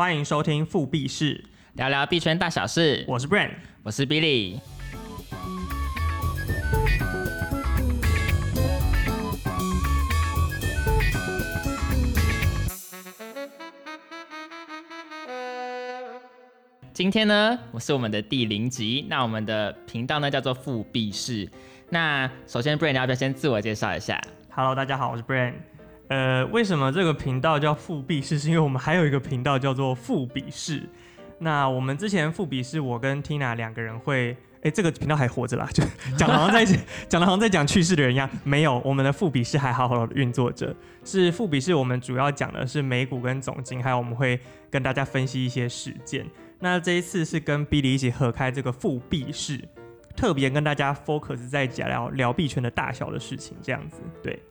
歡迎收聽富幣事，聊聊幣圈大小事。我是 Brian，我是 Billy。今天呢，我是我們的第零集。那我們的頻道呢，叫做富幣事。那首先，Brian 你要不要先自我介紹一下？Hello，大家好，我是 Brian。呃，為什麼這個頻道叫富幣事？是因為我們還有一個頻道叫做富比世。那我們之前富比世，我跟 Tina 兩個人會，哎、欸，這個頻道還活着啦，就講的好像在講的， 好像在講去世的人一樣。沒有，我們的富比世還好好的運作着。是富比世，我們主要講的是美股跟總經，還有我們會跟大家分析一些事件。那這一次是跟 Billy 一起合開這個富幣事，特別跟大家 focus 在講聊聊幣圈的大小的事情，這樣子，對。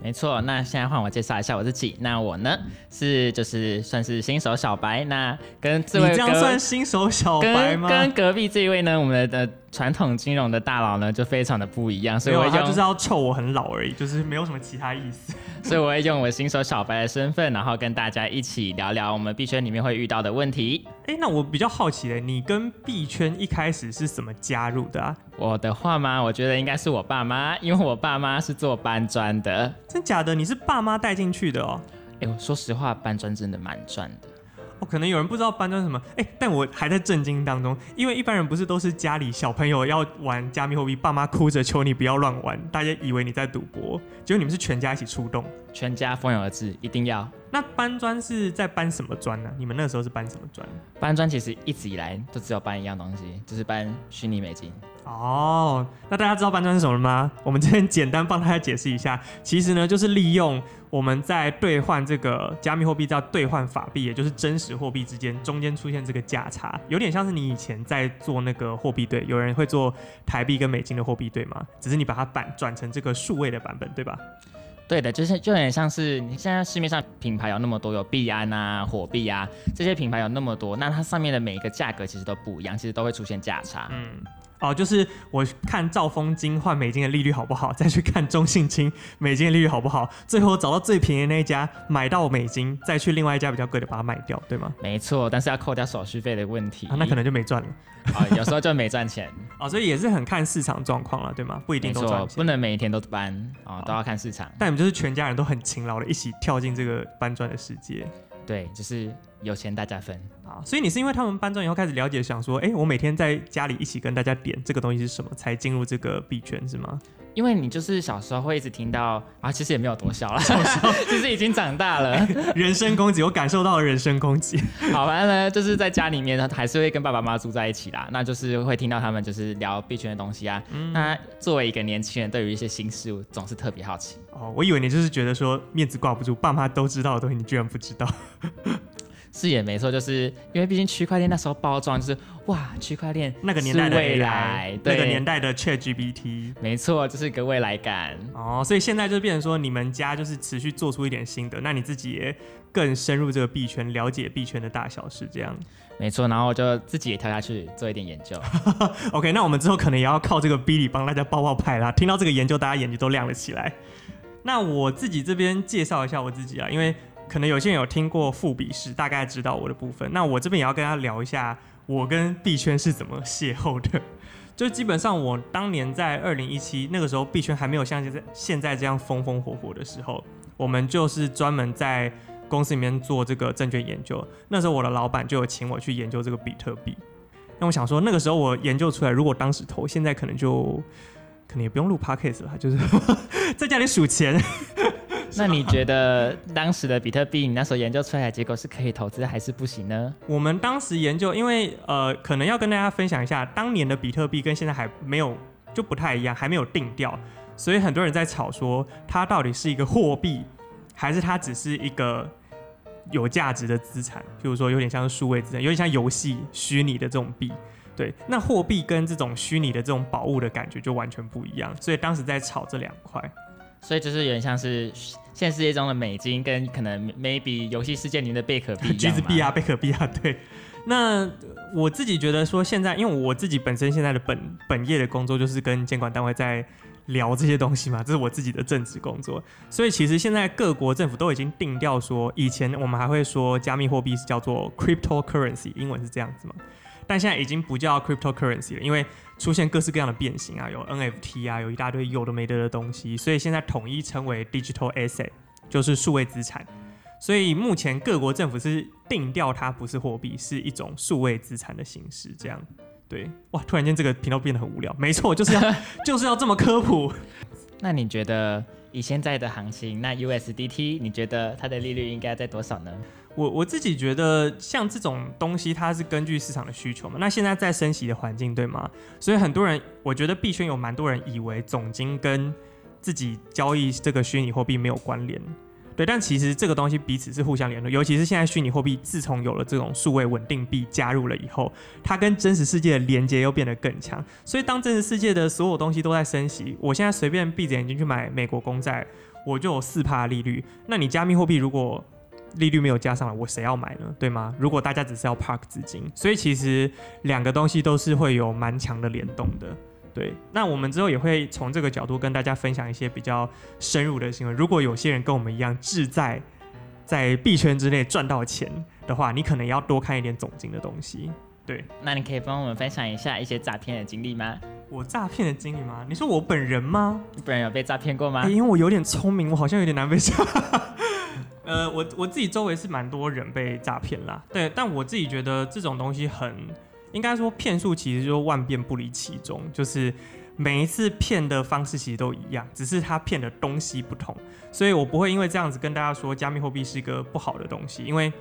沒錯，那現在換我介紹一下我自己。那我呢，是就是算是新手小白。那跟這位跟，你這樣算新手小白嗎？跟，跟隔壁這一位呢，我們的。傳統金融的大佬呢，就非常的不一樣，所以我就就是要臭我很老而已，就是沒有什麼其他意思。 所以我會用我新手小白的身份，然後跟大家一起聊聊我們幣圈裡面會遇到的問題。哎，那我比較好奇的，你跟幣圈一開始是怎麼加入的啊？我的話嘛？我覺得應該是我爸媽，因為我爸媽是做搬磚的。真假的？你是爸媽帶進去的哦？哎，我說實話，搬磚真的蠻賺的。哦，可能有人不知道搬磚是什麼，哎，但我還在震驚當中，因為一般人不是都是家裡小朋友要玩加密貨幣，爸媽哭着求你不要亂玩，大家以為你在賭博，結果你們是全家一起出動，全家蜂擁而至，一定要。那搬磚是在搬什麼磚呢？啊？你們那時候是搬什麼磚？搬磚其實一直以來都只有搬一樣東西，就是搬虛擬美金。哦，那大家知道搬磚是什麼了嗎？我們這邊簡單幫大家解釋一下，其實呢，就是利用我們在兌換這個加密貨幣在兌換法幣，也就是真實貨幣之間，中間出現這個價差，有點像是你以前在做那個貨幣對，有人會做台幣跟美金的貨幣對嗎？只是你把它搬轉成這個數位的版本，對吧？對的，就是就有點像是你現在市面上品牌有那麼多，有幣安啊、火幣啊這些品牌有那麼多，那它上面的每一個價格其實都不一樣，其實都會出現價差。嗯。哦，就是我看兆豐金換美金的利率好不好，再去看中信金美金的利率好不好，最後找到最便宜的那一家買到美金，再去另外一家比較貴的把它賣掉，對嗎？沒錯，但是要扣掉手續費的問題、啊，那可能就沒賺了。啊、哦，有時候就沒賺錢。啊、 哦，所以也是很看市場狀況了，對嗎？不一定都不能每一天都搬啊、哦，都要看市場。但你們就是全家人都很勤勞的，一起跳進這個搬磚的世界。對，就是。有錢大家分啊，所以你是因為他們搬磚以後開始了解，想說，哎、欸，我每天在家裡一起跟大家點這個東西是什麼，才進入這個幣圈是嗎？因為你就是小時候會一直聽到啊，其實也沒有多小了，小時候 其實已經長大了，欸、人身攻擊， 我感受到了人身攻擊。好，反正呢就是在家裡面呢，還是會跟爸爸媽媽住在一起啦，那就是會聽到他們就是聊幣圈的東西啊。嗯、那作為一個年輕人，對於一些新事物總是特別好奇。哦，我以為你就是覺得說面子掛不住，爸媽都知道的東西，你居然不知道。 是也沒錯，就是因為畢竟區塊鏈那時候包裝、就是哇，區塊鏈那個年代的未來對，那個年代的 ChatGPT，沒錯，就是個未來感哦。所以現在就變成說，你們家就是持續做出一點心得，那你自己也更深入這個幣圈，了解幣圈的大小是這樣。沒錯，然後我就自己也跳下去做一點研究。 OK，那我們之後可能也要靠這個逼你幫大家爆爆派啦。聽到這個研究，大家眼睛都亮了起來。那我自己這邊介紹一下我自己啊，因為。可能有些人有聽過富幣事，大概知道我的部分。那我這邊也要跟他聊一下，我跟幣圈是怎麼邂逅的。就是基本上我當年在二零一七那個時候，幣圈還沒有像現在這樣風風火火的時候，我們就是專門在公司裡面做這個證券研究。那時候我的老闆就有請我去研究這個比特幣。那我想說，那個時候我研究出來，如果當時投，現在可能就可能也不用錄 podcast 了，就是呵呵在家裡數錢。那你覺得當時的比特幣，你那時候研究出來的結果是可以投資還是不行呢？我們當時研究，因為呃，可能要跟大家分享一下，當年的比特幣跟現在還沒有就不太一樣，還沒有定調，所以很多人在炒說它到底是一個貨幣，還是它只是一個有價值的資產，譬如說有點像數位資產，有點像遊戲虛擬的這種幣。對，那貨幣跟這種虛擬的這種寶物的感覺就完全不一樣，所以當時在炒這兩塊。所以就是有點像是現實世界中的美金，跟可能 maybe 遊戲世界裡面的貝殼幣、橘子幣啊、貝殼幣啊，對。那我自己覺得說，現在因為我自己本身現在的本本業的工作就是跟監管單位在聊這些東西嘛，這是我自己的正職工作。所以其實現在各國政府都已經定調說，以前我們還會說加密貨幣是叫做 cryptocurrency，英文是這樣子嘛。但現在已經不叫 cryptocurrency 了，因為出現各式各樣的變形啊，有 NFT 啊，有一大堆有的沒的的東西，所以現在統一稱為 digital asset，就是數位資產。所以目前各國政府是定調它不是貨幣，是一種數位資產的形式。這樣，對，哇，突然間這個頻道變得很無聊。沒錯，就是要 就是要這麼科普。 那你覺得以現在的行情，那 USDT 你覺得它的利率應該在多少呢？我我自己覺得，像這種東西，它是根據市場的需求嘛。那現在在升息的環境，對嗎？所以很多人，我覺得幣圈有蠻多人以為，總經跟自己交易這個虛擬貨幣沒有關聯，對。但其實這個東西彼此是互相聯絡，尤其是現在虛擬貨幣自從有了這種數位穩定幣加入了以後，它跟真實世界的連接，又變得更強。所以當真實世界的所有東西都在升息，我現在隨便閉着眼睛去買美國公債，我就有四趴利率。那你加密貨幣如果，利率沒有加上來，我誰要買呢？對嗎？如果大家只是要 park 資金，所以其實兩個東西都是會有蠻強的聯動的。對，那我們之後也會從這個角度跟大家分享一些比較深入的新聞。如果有些人跟我們一樣志在在幣圈之內賺到錢的話，你可能要多看一點總經的東西。對，那你可以幫我們分享一下一些詐騙的經歷嗎？我詐騙的經歷嗎？你說我本人嗎？你本人有被詐騙過嗎？欸，因為我有點聰明，我好像有點難被詐。 呃，我我自己周圍是蠻多人被詐騙啦，對，但我自己覺得這種東西很，應該說騙術其實就萬變不離其宗，就是每一次騙的方式其實都一樣，只是他騙的東西不同，所以我不會因為這樣子跟大家說加密貨幣是一個不好的東西，因為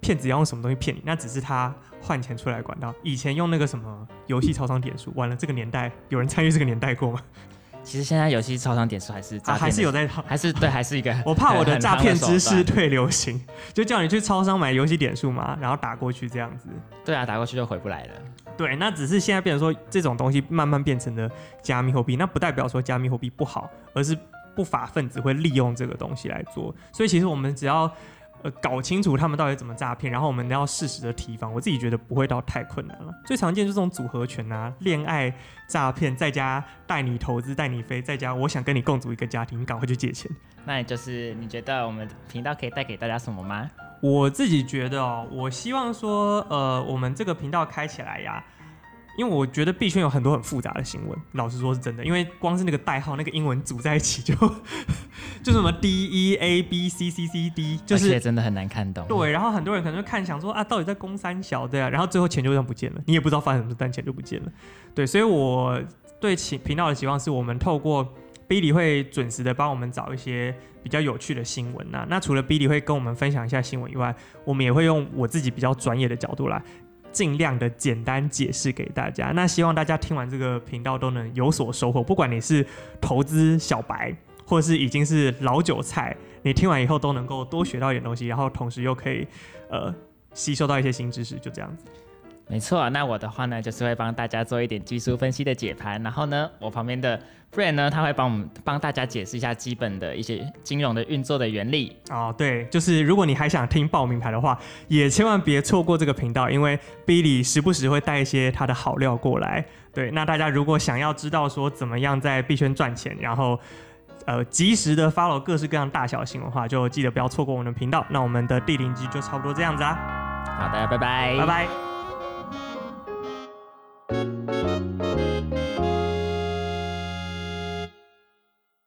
騙子要用什麼東西騙你，那只是他換錢出來管道。以前用那個什麼遊戲超商點數，完，了這個年代有人參與這個年代過嗎？其實現在遊戲超商點數還是、啊、還是有在，還是對，還是一個 我怕我的詐騙知識退流行，就叫你去超商買遊戲點數嘛，然後打過去這樣子。對啊，打過去就回不來了。對，那只是現在變成說這種東西慢慢變成了加密貨幣，那不代表說加密貨幣不好，而是不法分子會利用這個東西來做。所以其實我們只要，呃，搞清楚他們到底怎麼詐騙，然後我們要適時的提防。我自己覺得不會到太困難了。最常見就是這種組合拳啊，戀愛詐騙，在家帶你投資帶你飛，在家我想跟你共組一個家庭，你趕快去借錢。那也就是你覺得我們頻道可以帶給大家什麼嗎？我自己覺得哦，我希望說，呃，我們這個頻道開起來呀、啊。因為我覺得幣圈有很多很複雜的新聞，老實說是真的。因為光是那個代號，那個英文組在一起就 就什麼 D E A B C C C D，就是真的很難看懂。對，然後很多人可能就看想說啊，到底在公三小對啊，然後最後錢就這樣不見了，你也不知道發生什麼，但錢就不見了。對，所以我對其頻道的期望是我們透過 Billy 會準時的幫我們找一些比較有趣的新聞，那、啊、那除了 Billy 會跟我們分享一下新聞以外，我們也會用我自己比較專業的角度來。盡量的簡單解釋給大家，那希望大家聽完這個頻道都能有所收穫。不管你是投資小白，或者是已經是老韭菜，你聽完以後都能夠多學到一點東西，然後同時又可以呃吸收到一些新知識，就這樣子。沒錯，那我的話呢，就是會幫大家做一點技術分析的解盤，然後呢，我旁邊的 friend 呢，他會幫我們幫大家解釋一下基本的一些金融的運作的原理。哦，對，就是如果你還想聽報名牌的話，也千萬別錯過這個頻道，因為 Billy 時不時會帶一些他的好料過來。對，那大家如果想要知道說怎麼樣在幣圈賺錢，然後呃及時的 follow 各式各樣大小型的，的話，就記得不要錯過我們的頻道。那我們的第零集就差不多這樣子啊，好的，拜拜，拜拜。